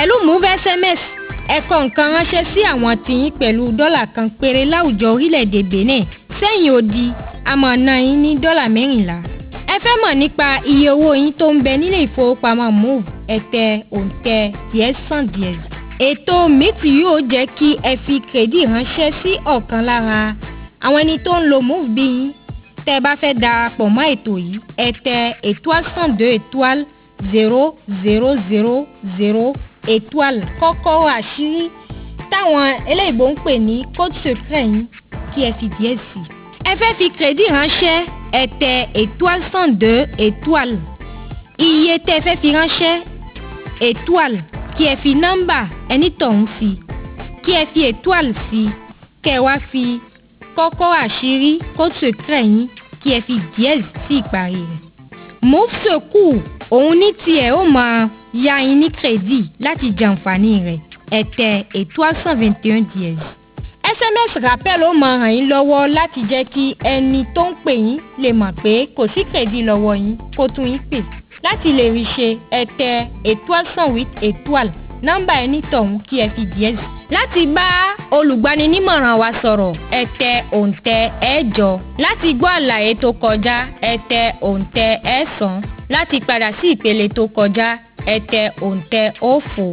pẹ̀lú move sms ẹ kọ nǹkan ránṣẹ́ sí àwọn tìyín pẹ̀lú dọ́là kan péré láwùjọ orílẹ̀-èdè benin sẹ́yìn odi àmọ́ ná yín ní dọ́là mẹ́rìnlá ẹ fẹ́ mọ̀ nípa iye owó yín tó ń bẹ nílé ìfowópamọ́ move ẹ tẹ òǹtẹ̀ dièse cent dièse ètò mint yóò jẹ́ kí ẹ fi kredit ránṣẹ́ sí ọ̀kan lára àwọn ẹni tó ń lo move bí yín tẹ́ ẹ bá fẹ́ darapọ̀ mọ́ ètò yìí ẹ étoile cent deux étoile zero zero zero zero étoile kọ́kọ́rọ́ àṣírí táwọn eléyìnbó ń pè ní code secret yín kí ẹ fi díẹ̀ sí i. ẹ fẹ́ fi crédit ránṣẹ́ ẹ tẹ étoile cent deux étoile iye tẹ́ ẹ fẹ́ fi ránṣẹ́ étoile kí ẹ fi nọ́mbà ẹni tọ̀hún sí i kí ẹ fi étoile sí i kẹ́ ẹ wá fi kọ́kọ́rọ́ àṣírí code secret yín kí ẹ fi díẹ̀ sí ìparí rẹ̀. move secours òun ní tiẹ̀ ó máa ya yín ní crédit láti jàǹfààní rẹ̀ ẹ tẹ étoile cent vingt et un dièse. sms rappel ó máa ràn yín lọ́wọ́ láti jẹ́ kí ẹni tó ń pè yín lè mọ̀ pé kò sí crédit lọ́wọ́ yín kó tún yín pè láti lè rí ṣe ẹ tẹ étoile cent huit étoile nọ́mbà ẹni tọ̀hún kí ẹ fi dièse. láti bá olùgbaninímọ̀ràn wa sọ̀rọ̀ ẹ tẹ òǹtẹ̀ ẹ̀jọ láti gbọ́ àlàyé tó kọjá ẹ tẹ òǹtẹ̀ ẹ̀sán láti padà sí ìpele tó kọjá ẹ tẹ òǹtẹ̀ oófò